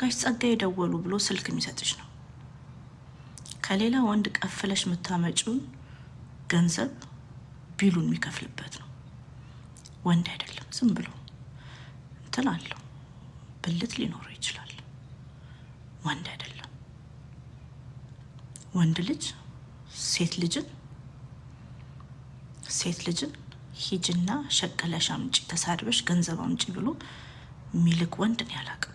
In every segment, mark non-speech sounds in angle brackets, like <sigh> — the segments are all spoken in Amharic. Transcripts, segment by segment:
ጋሽ ጸጋ የደወሉ ብሎ ስልክ የሚሰጥሽ ነው። ከሌላ ወንድ ቀፍለሽ የምታመጪውን ገንዘብ ቢሉን የሚከፍልበት ነው። ወንድ አይደለም፣ ዝም ብሎ እንትን አለው ብልት ሊኖረው ይችላል። ወንድ አይደለም። ወንድ ልጅ ሴት ልጅን ሴት ልጅን ሂጅና ሸቀለሽ አምጪ፣ ተሳድበሽ ገንዘብ አምጪ ብሎ የሚልክ ወንድን ያላቀ ያላቅም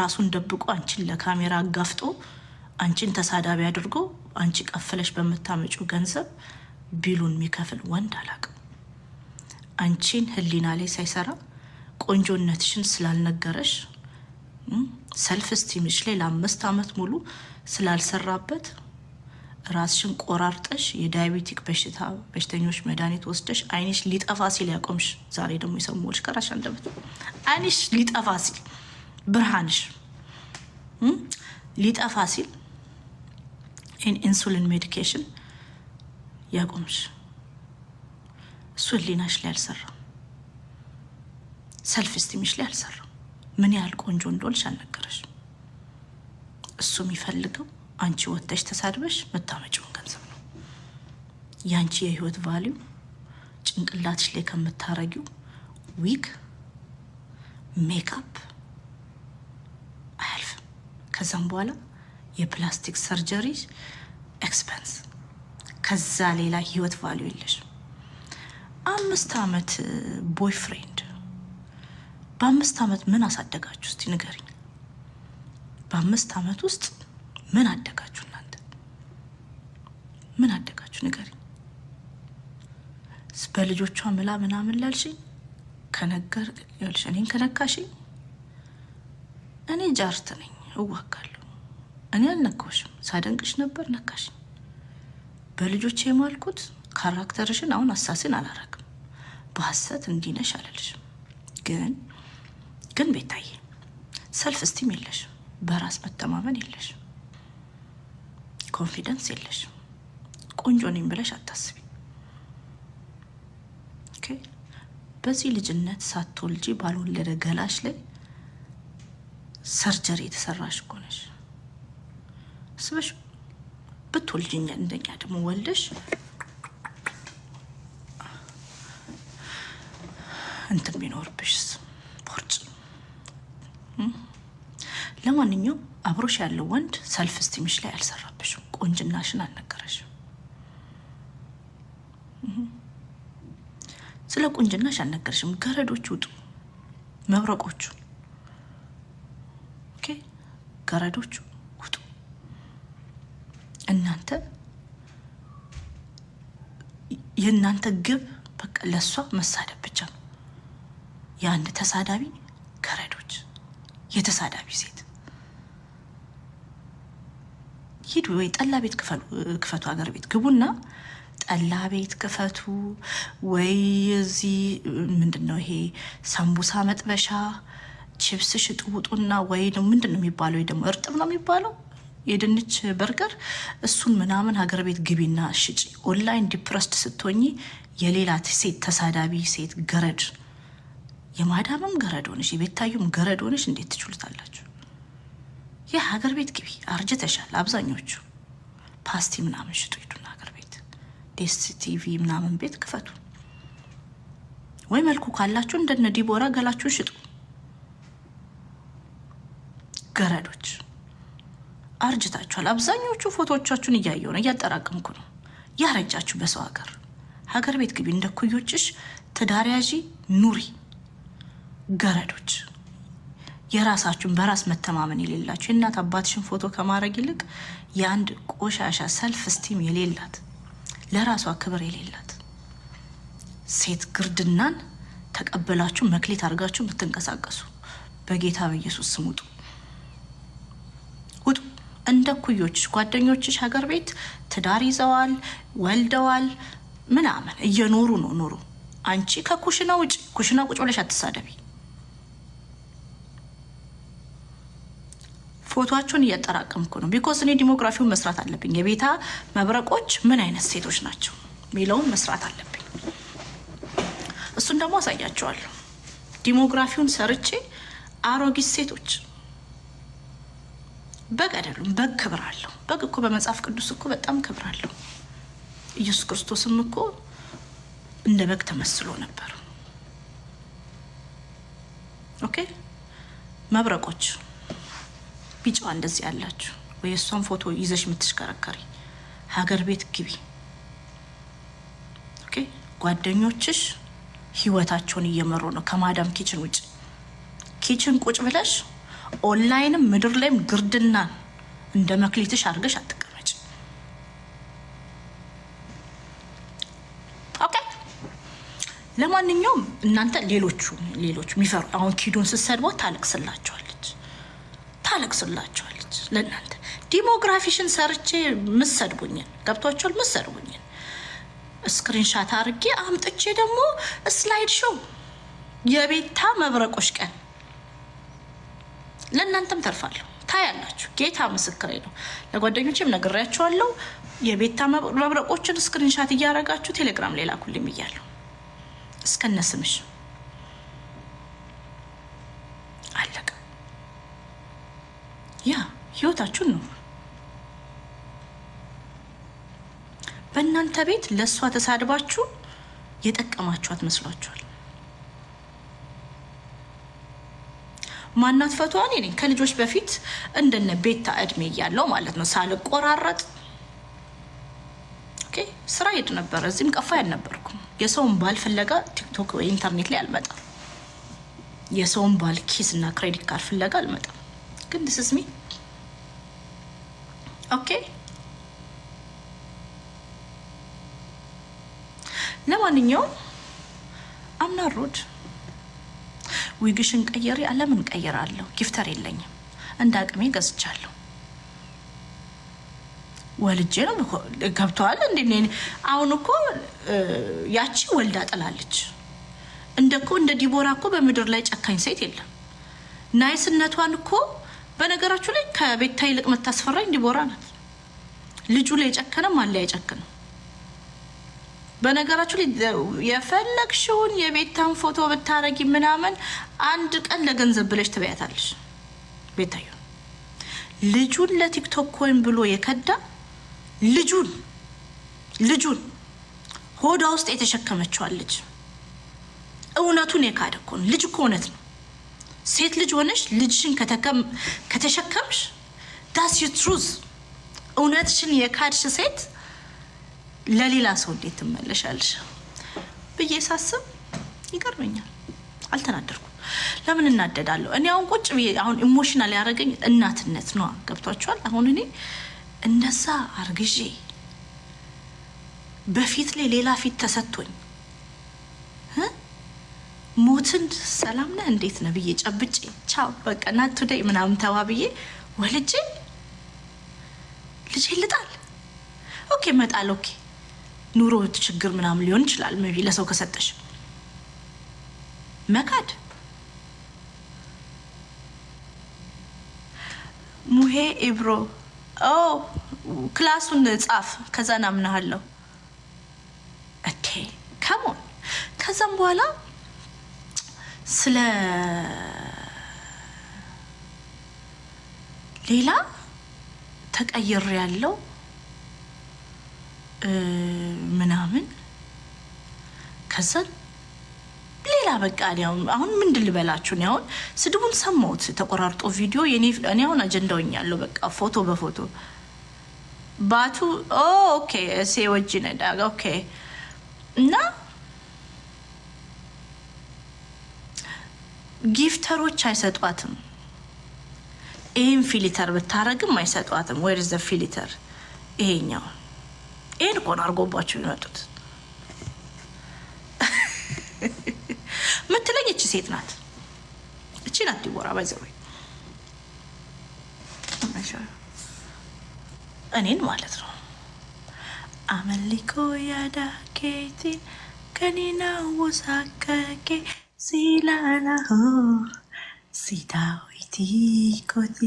ራሱን ደብቆ አንቺን ለካሜራ አጋፍጦ አንቺን ተሳዳቢ አድርጎ አንቺ ቀፍለሽ በምታመጩ ገንዘብ ቢሉን የሚከፍል ወንድ አላቅም። አንቺን ህሊና ላይ ሳይሰራ ቆንጆነትሽን ስላልነገረሽ ሰልፍ ስቲምሽ ላይ ለአምስት ዓመት ሙሉ ስላልሰራበት ራስሽን ቆራርጠሽ የዳያቤቲክ በሽታ በሽተኞች መድኃኒት ወስደሽ አይንሽ ሊጠፋ ሲል ያቆምሽ ዛሬ ደግሞ የሰሙዎች ከራሽ አንደበት አይንሽ ሊጠፋ ሲል ብርሃንሽ ሊጠፋ ሲል ኢንሱሊን ሜዲኬሽን ያቆምሽ እሱ ህሊናሽ ላይ አልሰራ፣ ሰልፍ ስቲምሽ ላይ አልሰራ። ምን ያህል ቆንጆ እንደሆንሽ አልነገረሽ። እሱ የሚፈልገው አንቺ ወጥተሽ ተሳድበሽ መታመጪውን ገንዘብ ነው። የአንቺ የህይወት ቫሊዩ ጭንቅላትሽ ላይ ከምታረጊው ዊግ ሜካፕ ከዛም በኋላ የፕላስቲክ ሰርጀሪ ኤክስፐንስ፣ ከዛ ሌላ ህይወት ቫሉ የለሽ። አምስት አመት ቦይፍሬንድ፣ በአምስት አመት ምን አሳደጋችሁ እስቲ ንገሪኝ። በአምስት አመት ውስጥ ምን አደጋችሁ እናንተ? ምን አደጋችሁ ንገሪኝ። በልጆቿ ምላ ምናምን ላልሽኝ ከነገር ልሽ እኔን ከነካሽኝ እኔ ጃርት ነኝ። እዋጋለሁ። እኔ አልነካሽም ሳደንቅሽ ነበር ነካሽ። በልጆች የማልኩት ካራክተርሽን አሁን አሳሲን አላረግም። በሀሰት እንዲነሽ አለልሽም። ግን ግን ቤታዬ ሰልፍ እስቲም የለሽም። በራስ መተማመን የለሽም። ኮንፊደንስ የለሽም። ቆንጆ ነኝ ብለሽ አታስቢ። በዚህ ልጅነት ሳትወልጂ ባልወለደ ገላሽ ላይ ሰርጀሪ የተሰራሽ እኮ ነሽ። አስበሽ ብትወልጅኛ እንደኛ ደግሞ ወልደሽ እንትን ቢኖርብሽስ ቦርጭ። ለማንኛውም አብሮሽ ያለው ወንድ ሰልፍ ስቲምሽ ላይ አልሰራብሽም፣ ቆንጅናሽን አልነገረሽም። ስለ ቁንጅናሽ አልነገርሽም። ገረዶች ውጡ፣ መብረቆቹ ገረዶቹ ውጡ። እናንተ የእናንተ ግብ በቃ ለእሷ መሳደብ ብቻ ነው። የአንድ ተሳዳቢ ገረዶች፣ የተሳዳቢ ሴት ሂዱ ወይ ጠላ ቤት ክፈቱ፣ ሀገር ቤት ግቡና ጠላ ቤት ክፈቱ ወይ እዚህ ምንድን ነው ይሄ ሰንቡሳ መጥበሻ ቺፕስ ሽጡ ውጡና ወይ ምንድን ነው የሚባለው? ደግሞ እርጥብ ነው የሚባለው የድንች በርገር እሱን ምናምን ሀገር ቤት ግቢና ሽጪ። ኦንላይን ዲፕረስድ ስትሆኚ የሌላ ሴት ተሳዳቢ ሴት ገረድ፣ የማዳምም ገረድ ሆነሽ የቤታዩም ገረድ ሆነሽ እንዴት ትችሉታላችሁ? ይህ ሀገር ቤት ግቢ አርጅተሻል። አብዛኞቹ ፓስቲ ምናምን ሽጡ ሂዱና ሀገር ቤት ዴስ ቲቪ ምናምን ቤት ክፈቱ። ወይ መልኩ ካላችሁ እንደነ ዲቦራ ገላችሁን ሽጡ። ገረዶች አርጅታችኋል። አብዛኞቹ ፎቶዎቻችሁን እያየሁ ነው፣ እያጠራቀምኩ ነው። ያረጃችሁ በሰው ሀገር ሀገር ቤት ግቢ እንደ ኩዮችሽ ትዳር ያዢ ኑሪ። ገረዶች የራሳችሁን በራስ መተማመን የሌላችሁ የእናት አባትሽን ፎቶ ከማድረግ ይልቅ የአንድ ቆሻሻ ሰልፍ ስቲም የሌላት ለራሷ ክብር የሌላት ሴት ግርድናን ተቀበላችሁ መክሌት አድርጋችሁ ብትንቀሳቀሱ በጌታ በኢየሱስ ስም ውጡ። እንደ ኩዮች ጓደኞችሽ ሀገር ቤት ትዳር ይዘዋል፣ ወልደዋል፣ ምናምን እየኖሩ ነው ኑሩ። አንቺ ከኩሽና ውጭ ኩሽና ቁጭ ብለሽ አትሳደቢ። ፎቶቸውን እያጠራቀምኩ ነው። ቢኮዝ እኔ ዲሞግራፊውን መስራት አለብኝ። የቤታ መብረቆች ምን አይነት ሴቶች ናቸው ሚለውን መስራት አለብኝ። እሱን ደግሞ አሳያቸዋለሁ። ዲሞግራፊውን ሰርቼ አሮጊት ሴቶች በግ አይደሉም። በግ ክብር አለው። በግ እኮ በመጽሐፍ ቅዱስ እኮ በጣም ክብር አለው። ኢየሱስ ክርስቶስም እኮ እንደ በግ ተመስሎ ነበር። ኦኬ መብረቆች ቢጫዋ እንደዚህ ያላችሁ ወይ እሷን ፎቶ ይዘሽ የምትሽከረከሪ ሀገር ቤት ግቢ። ኦኬ ጓደኞችሽ ህይወታቸውን እየመሩ ነው ከማዳም ኪችን ውጭ ኪችን ቁጭ ብለሽ ኦንላይንም ምድር ላይም ግርድና እንደ መክሊትሽ አድርገሽ አትቀመጭ። ኦኬ። ለማንኛውም እናንተ ሌሎቹ ሌሎቹ የሚፈሩ አሁን ኪዱን ስትሰድቧት ታለቅስላቸዋለች ታለቅስላቸዋለች። ለእናንተ ዲሞግራፊሽን ሰርቼ ምሰድቡኝን ገብቷቸዋል። ምሰድቡኝን ስክሪንሻት አድርጌ አምጥቼ ደግሞ ስላይድ ሾው የቤታ መብረቆች ቀን ለእናንተም ተርፋለሁ። ታያላችሁ። ጌታ ምስክሬ ነው። ለጓደኞችም ነግሬያቸዋለሁ። የቤታ መብረቆችን ስክሪንሻት እያደረጋችሁ ቴሌግራም ላይ ላኩልኝ እያለሁ እስከነ ስምሽ አለቀ። ያ ህይወታችሁን ነው። በእናንተ ቤት ለእሷ ተሳድባችሁ የጠቀማችኋት መስሏችኋል። ማናት ፈቷን እኔ ከልጆች በፊት እንደነ ቤታ እድሜ እያለው ማለት ነው ሳልቆራረጥ ስራ ሄድ ነበረ። እዚህም ቀፋ ያልነበርኩም የሰውን ባል ፍለጋ ቲክቶክ ወይ ኢንተርኔት ላይ አልመጣም። የሰውን ባል ኪስ እና ክሬዲት ካርድ ፍለጋ አልመጣም። ግን ስስሚ ኦኬ። ለማንኛውም አምናሮድ ዊግሽን ቀየሪ። አለምን ቀይራለሁ፣ ጊፍተር የለኝም፣ እንደ አቅሜ ገዝቻለሁ። ወልጄ ነው ገብተዋል። እንደ አሁን እኮ ያቺ ወልዳ ጥላለች። እንደ ኮ እንደ ዲቦራ እኮ በምድር ላይ ጨካኝ ሴት የለም። ናይስነቷን እኮ በነገራችሁ ላይ ከቤታ ይልቅ የምታስፈራኝ ዲቦራ ናት። ልጁ ላይ ጨከነ አለ አይጨክንም በነገራችሁ ላይ የፈለግሽውን የቤታን ፎቶ ብታረጊ ምናምን አንድ ቀን ለገንዘብ ብለሽ ትበያታለሽ። ቤታዩ ልጁን ለቲክቶክ ኮይን ብሎ የከዳ ልጁን ልጁን ሆዷ ውስጥ የተሸከመችዋል ልጅ እውነቱን የካደ እኮ ነው። ልጅ እኮ እውነት ነው። ሴት ልጅ ሆነሽ ልጅሽን ከተሸከምሽ ዳስ ዩ ትሩዝ እውነትሽን የካድሽ ሴት ለሌላ ሰው እንዴት ትመለሻለሽ ብዬ ሳስብ ይገርመኛል። አልተናደርኩም። ለምን እናደዳለሁ? እኔ አሁን ቁጭ ብዬ አሁን ኢሞሽናል ያደረገኝ እናትነት ነው። ገብቷችኋል? አሁን እኔ እንደዛ አርግዤ በፊት ላይ ሌላ ፊት ተሰጥቶኝ ሞትን ሰላም ነህ እንዴት ነህ ብዬ ጨብጬ ቻው በቃ ናት ቱደይ ምናምን ተዋ ብዬ ወልጄ ልጄ ይልጣል። ኦኬ መጣል ኦኬ ኑሮ ችግር ምናምን ሊሆን ይችላል። ቢ ለሰው ከሰጠሽ መካድ ሙሄ ኢብሮ ኦ ክላሱን ጻፍ፣ ከዛ ናምናሃለሁ። ኦኬ ከሞን ከዛም በኋላ ስለ ሌላ ተቀይር ያለው ምናምን ከዛ ሌላ በቃ አሁን ምንድን ልበላችሁ? እኔ አሁን ስድቡን ሰማሁት ተቆራርጦ ቪዲዮ። እኔ አሁን አጀንዳውኝ ያለው በቃ ፎቶ በፎቶ ባቱ ኦኬ እሴ ወጅ ነዳ ኦኬ እና ጊፍተሮች አይሰጧትም። ይህም ፊሊተር ብታረግም አይሰጧትም። ወይርዘ ፊሊተር ይሄኛውን ይህን እኮ ነው አድርጎባችሁ የሚመጡት ምትለኝ እቺ ሴት ናት። እቺ ናት ዲቦራ ባይዘወ እኔን ማለት ነው አመሊኮ ያዳ ኬቲ ከኔና ወሳከኬ ሲላላሆ ሲታዊቲ ኮቲ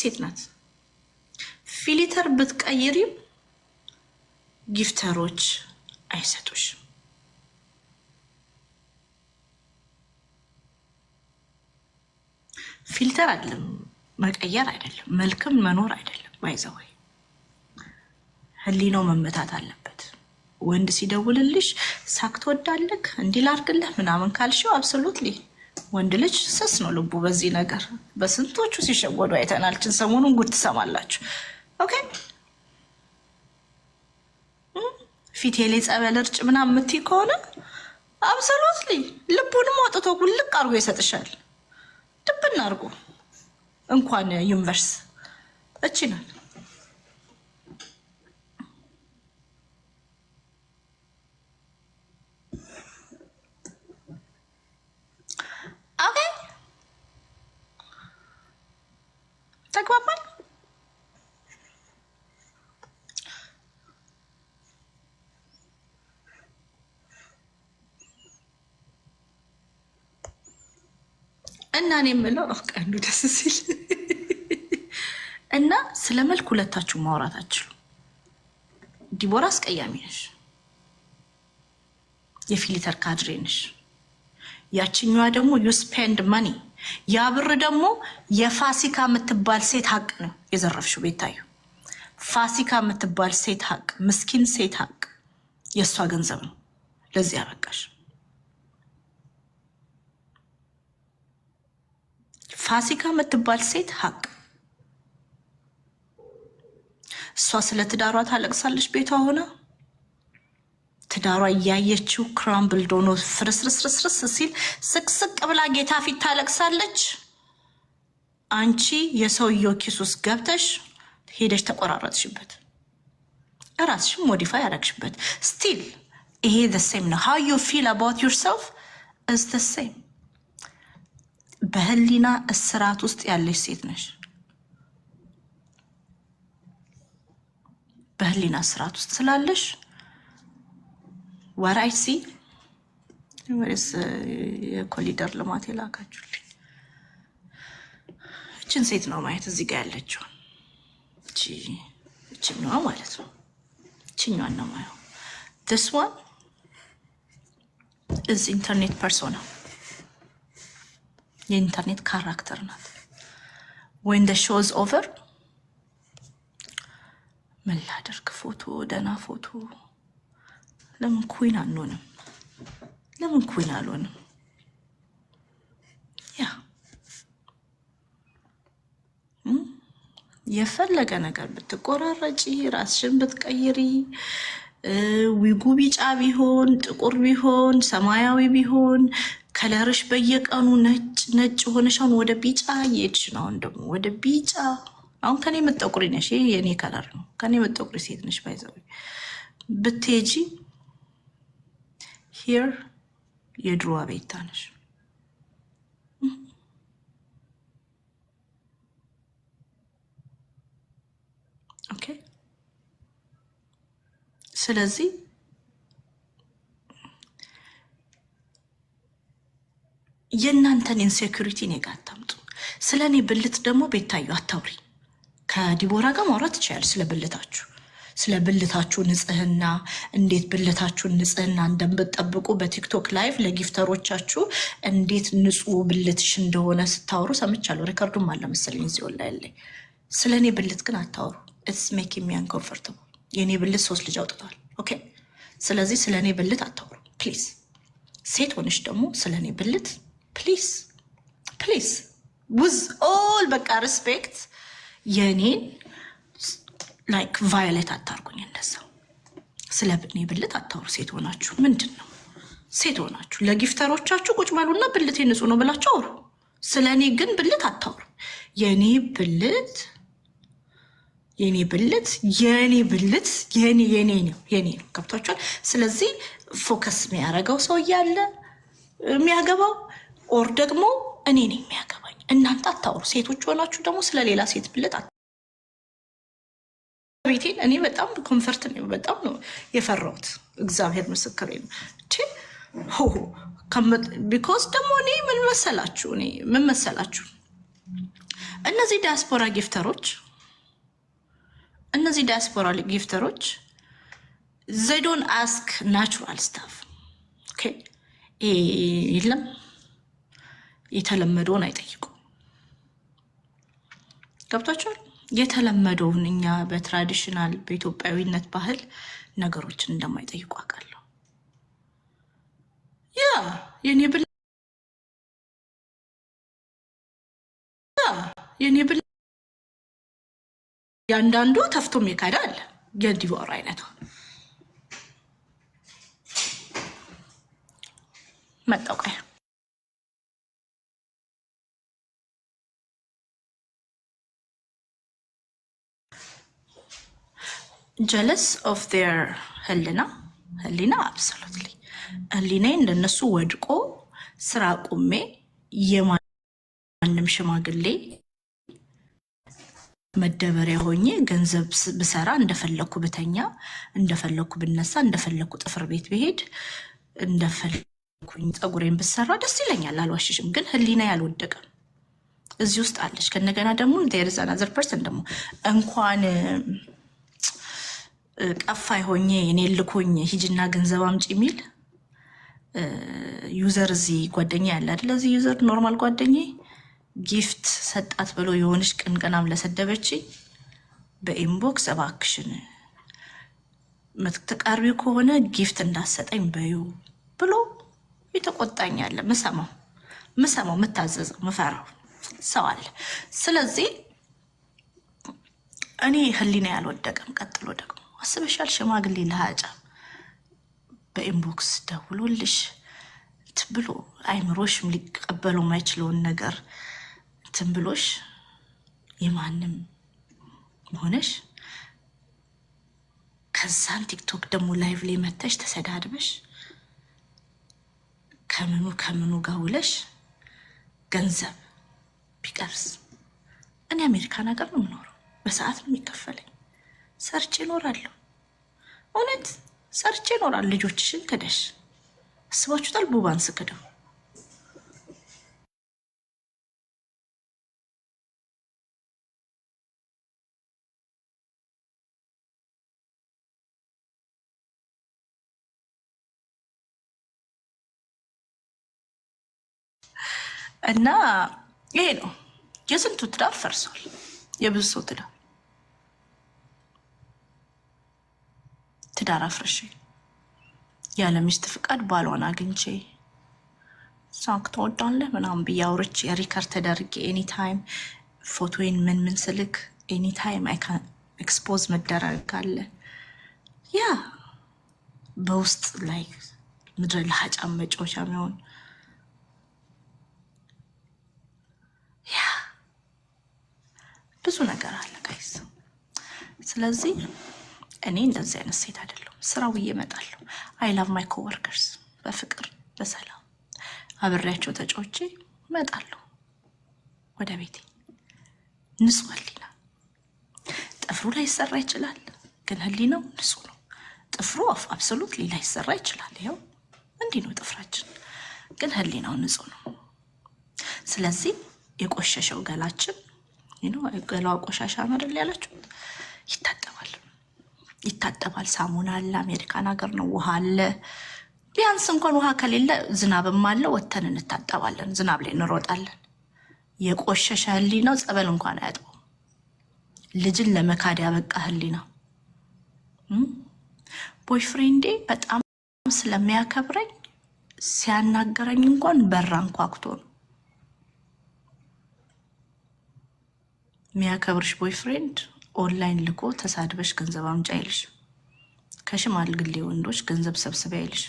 ሴት ናት። ፊሊተር ብትቀይሪም ጊፍተሮች አይሰጡሽ። ፊልተር አይደለም መቀየር አይደለም መልክም መኖር አይደለም። ባይዘወይ ህሊናው መመታት አለበት። ወንድ ሲደውልልሽ ሳክ ትወዳለክ እንዲህ ላርግልህ ምናምን ካልሽው አብሶሉትሊ ወንድ ልጅ ስስ ነው ልቡ። በዚህ ነገር በስንቶቹ ሲሸወዱ አይተናልችን። ሰሞኑን ጉድ ትሰማላችሁ። ኦኬ ፊቴ ላይ ጸበል እርጭ ምናምን የምትይ ከሆነ አብሰሎትሊ ልቡንም አውጥቶ ውልቅ አድርጎ ይሰጥሻል። ድብና አርጎ እንኳን ዩኒቨርስ እችናል እና እኔ የምለው ቀንዱ ደስ ሲል እና ስለ መልክ ሁለታችሁ ማውራት አችሉ። ዲቦራ አስቀያሚ ነሽ፣ የፊሊተር ካድሬ ነሽ። ያችኛዋ ደግሞ ዩ ስፔንድ መኒ፣ ያ ብር ደግሞ የፋሲካ የምትባል ሴት ሀቅ ነው የዘረፍሽው። ቤታዩ ፋሲካ የምትባል ሴት ሀቅ፣ ምስኪን ሴት ሀቅ የእሷ ገንዘብ ነው። ለዚህ ያበቃሽ። ፋሲካ የምትባል ሴት ሀቅ እሷ ስለ ትዳሯ ታለቅሳለች። ቤቷ ሆና ትዳሯ እያየችው ክራምብል ዶኖ ፍርስርስርስርስ ሲል ስቅስቅ ብላ ጌታ ፊት ታለቅሳለች። አንቺ የሰውየው ኪስ ውስጥ ገብተሽ ሄደሽ ተቆራረጥሽበት፣ እራስሽም ሞዲፋይ ያደረግሽበት ስቲል ይሄ ዘ ሴም ነው። ሃው ዩ ፊል አባውት ዩርሰልፍ እዝ ዘ ሴም በህሊና እስራት ውስጥ ያለች ሴት ነሽ። በህሊና እስራት ውስጥ ስላለሽ ወራይሲ ሲ ወይስ የኮሊደር ልማት የላካችሁልኝ እችን ሴት ነው ማየት እዚህ ጋር ያለችው እችኛዋ ማለት ነው። እችኛዋን ነው ማየው። ዲስ ዋን ኢንተርኔት ፐርሶና የኢንተርኔት ካራክተር ናት። ወይን ደ ሾዝ ኦቨር ምን ላደርግ ፎቶ ደና ፎቶ ለምን ኩን አንሆንም? ለምን ኩን አልሆንም? ያ የፈለገ ነገር ብትቆራረጪ ራስሽን ብትቀይሪ ዊጉ ቢጫ ቢሆን ጥቁር ቢሆን ሰማያዊ ቢሆን ከለርሽ በየቀኑ ነጭ ነጭ ሆነሽ አሁን ወደ ቢጫ እየሄድሽ ነው። አሁን ደግሞ ወደ ቢጫ አሁን ከኔ የምጠቁሪ ነሽ። ይሄ የኔ ከለር ነው። ከኔ የምጠቁሪ ሴት ነሽ። ባይዘው ብትሄጂ ሂር የድሮ አቤታ ነሽ። ኦኬ ስለዚህ የእናንተን ኢንሴኩሪቲ እኔ ጋር አታምጡ። ስለ እኔ ብልት ደግሞ ቤታዩ አታውሪ። ከዲቦራ ጋር ማውራት ይችላል ስለ ብልታችሁ ስለ ብልታችሁ ንጽህና፣ እንዴት ብልታችሁን ንጽህና እንደምትጠብቁ በቲክቶክ ላይቭ ለጊፍተሮቻችሁ እንዴት ንጹህ ብልትሽ እንደሆነ ስታወሩ ሰምቻለሁ። ሪከርዱም አለ መሰለኝ እዚህ ላይ ላይ። ስለ እኔ ብልት ግን አታወሩ። ኢትስ ሜክ ሚ የእኔ ብልት ሶስት ልጅ አውጥቷል። ኦኬ። ስለዚህ ስለ እኔ ብልት አታወሩ ፕሊዝ። ሴት ሆነሽ ደግሞ ስለ እኔ ብልት ፕሊስ ፕሊስ ውዝ ኦል በቃ ሪስፔክት የእኔን ላይክ ቫዮሌት አታርጉኝ። እንደዛው ስለ ብኔ ብልት አታውሩ። ሴት ሆናችሁ ምንድን ነው ሴት ሆናችሁ ለጊፍተሮቻችሁ ቁጭ በሉና ብልቴ ንጹህ ነው ብላችሁ አውሩ። ስለ እኔ ግን ብልት አታውሩ። የእኔ ብልት የኔ ብልት የኔ ብልት የኔ የኔ ነው የኔ ነው። ገብቷችኋል? ስለዚህ ፎከስ የሚያደርገው ሰው እያለ የሚያገባው ኦር ደግሞ እኔን የሚያገባኝ። እናንተ አታውሩ። ሴቶች ሆናችሁ ደግሞ ስለ ሌላ ሴት ብልጥ ቤቴን እኔ በጣም ኮንፈርት ነው በጣም ነው የፈራሁት። እግዚአብሔር ምስክር ነው። ቢኮዝ ደግሞ እኔ ምን መሰላችሁ እኔ ምን መሰላችሁ እነዚህ ዲያስፖራ ጊፍተሮች እነዚህ ዲያስፖራ ጊፍተሮች ዘይ አስክ ናቹራል ስታፍ የለም የተለመደውን አይጠይቁም። ገብቷቸዋል። የተለመደውን እኛ በትራዲሽናል በኢትዮጵያዊነት ባህል ነገሮችን እንደማይጠይቁ አውቃለሁ። ያ የኔ ብ የኔ ያንዳንዱ ተፍቶም ይካዳል። የዲቦራ አይነት መጣውቃያ ጀለስ ኦፍ ር ህሊና ህሊና አብሶሉትሊ ህሊናዬ እንደነሱ ወድቆ ስራ ቁሜ የማንም ሽማግሌ መደበሪያ ሆኜ ገንዘብ ብሰራ እንደፈለግኩ ብተኛ እንደፈለግኩ ብነሳ እንደፈለግኩ ጥፍር ቤት ብሄድ እንደፈለግኩኝ ፀጉሬን ብሰራ ደስ ይለኛል። አልዋሽሽም፣ ግን ህሊና ያልወደቀም እዚህ ውስጥ አለች። ከነገና ደግሞ ዜርዝ አናዘር ፐርሰን ደግሞ እንኳን ቀፋይ ሆኜ እኔ ልኮኝ ሂጅና ገንዘብ አምጪ የሚል ዩዘር እዚህ ጓደኛ ያለ አይደለ? እዚህ ዩዘር ኖርማል ጓደኛ ጊፍት ሰጣት ብሎ የሆነች ቅንቅናም ለሰደበች በኢንቦክስ እባክሽን ምትቀርቢ ከሆነ ጊፍት እንዳሰጠኝ በዩ ብሎ የተቆጣኝ አለ። ምሰማው ምሰማው ምታዘዘው ምፈራው ሰው አለ። ስለዚህ እኔ ህሊና ያልወደቀም ቀጥሎ ደግሞ አስበሻል? ሽማግሌ ለሀጫ በኢንቦክስ ደውሎልሽ ትብሎ አይምሮሽም ሊቀበለው ማይችለውን ነገር ትንብሎሽ የማንም ሆነሽ ከዛን ቲክቶክ ደግሞ ላይቭ ላይ መተሽ ተሰዳድበሽ ከምኑ ከምኑ ጋር ውለሽ ገንዘብ ቢቀርስ እኔ አሜሪካን ሀገር ነው የምኖረው። በሰዓት ነው የሚከፈለኝ። ሰርቼ እኖራለሁ። እውነት ሰርቼ እኖራለሁ። ልጆችሽን ክደሽ አስባችሁታል? ቡባን ስክደው እና ይሄ ነው የስንቱ ትዳር ፈርሷል። የብዙ ሰው ትዳር ትዳር አፍርሼ ያለ ሚስት ፍቃድ ባሏን አግኝቼ ሳክ ተወዳለህ ምናምን ብዬ አውርቼ ሪከርድ ተደርጌ ኤኒታይም ፎቶዬን ምን ምን ስልክ ኤኒታይም ኤክስፖዝ መደረግ አለ። ያ በውስጥ ላይ ምድረ ለሀጫም መጫወቻ ሚሆን ያ ብዙ ነገር አለ ጋይስ ስለዚህ እኔ እንደዚህ አይነት ሴት አይደለሁም። ስራው ውዬ አይ ላቭ ማይ ኮወርከርስ በፍቅር በሰላም አብሬያቸው ተጫውቼ እመጣለሁ ወደ ቤቴ። ንጹህ ህሊና ጥፍሩ ላይ ይሰራ ይችላል፣ ግን ህሊናው ንጹህ ነው። ጥፍሩ አብሶሉት ሌላ ይሰራ ይችላል። ይኸው እንዲህ ነው ጥፍራችን፣ ግን ህሊናው ንጹህ ነው። ስለዚህ የቆሸሸው ገላችን ገላዋ ቆሻሻ ነው አይደል ያላችሁት፣ ይታጠባል። ይታጠባል። ሳሙና አለ፣ አሜሪካን ሀገር ነው፣ ውሃ አለ። ቢያንስ እንኳን ውሃ ከሌለ ዝናብም አለ፣ ወተን እንታጠባለን፣ ዝናብ ላይ እንሮጣለን። የቆሸሸ ህሊናው ጸበል እንኳን አያጥበው። ልጅን ለመካድ ያበቃ ህሊናው። ቦይፍሬንዴ በጣም ስለሚያከብረኝ ሲያናገረኝ እንኳን በራን ኳኩቶ ነው የሚያከብርሽ ቦይፍሬንድ ኦንላይን ልኮ ተሳድበሽ ገንዘብ አምጪ አይልሽ። ከሽማግሌ ወንዶች ገንዘብ ሰብስቢ አይልሽ።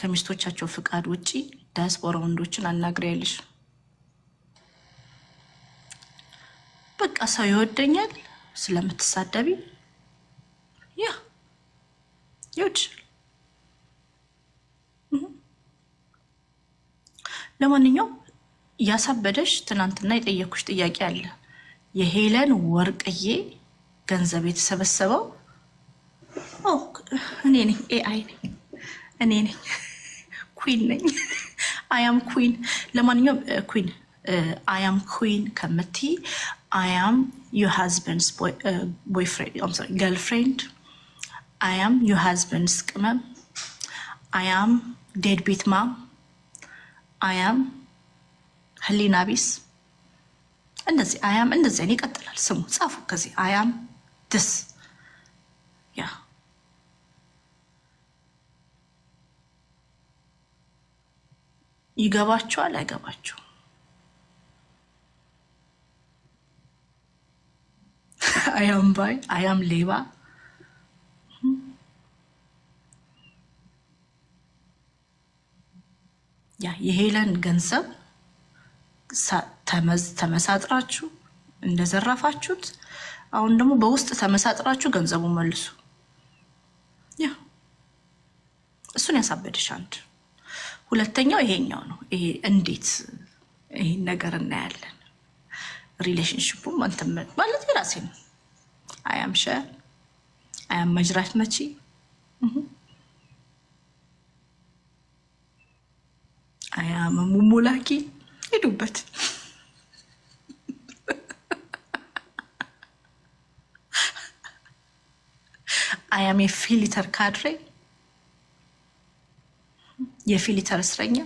ከሚስቶቻቸው ፍቃድ ውጪ ዳያስፖራ ወንዶችን አናግሪ አይልሽ። በቃ ሰው ይወደኛል ስለምትሳደቢ ያ ይውች ለማንኛውም ያሳበደሽ ትናንትና የጠየኩሽ ጥያቄ አለ። የሄለን ወርቅዬ ገንዘብ የተሰበሰበው እኔ ነኝ። ኤአይ ነኝ፣ እኔ ነኝ፣ ኩን ነኝ። አያም ኩን። ለማንኛውም ኩን አያም ኩን ከምትይ አያም ዩ ሃዝበንድስ ገርልፍሬንድ፣ አያም ዩ ሃዝበንድስ ቅመም፣ አያም ዴድቢት ማም፣ አያም ህሊና ቢስ እንደዚህ አያም እንደዚህ ይቀጥላል። ስሙ ጻፉ። ከዚህ አያም ድስ ያ ይገባችኋል አይገባችሁም? <laughs> አያም ባይ አያም ሌባ ያ የሄለን ገንዘብ ተመሳጥራችሁ እንደዘረፋችሁት አሁን ደግሞ በውስጥ ተመሳጥራችሁ ገንዘቡ መልሱ። ያ እሱን ያሳበደሽ አንድ። ሁለተኛው ይሄኛው ነው። ይሄ እንዴት ይሄን ነገር እናያለን። ሪሌሽንሽፑ ማለት የራሴ ነው። አያም ሸ አያም መጅራት መቺ አያም ሙሙላኪ ሄዱበት። አያም የፊሊተር ካድሬ የፊሊተር እስረኛ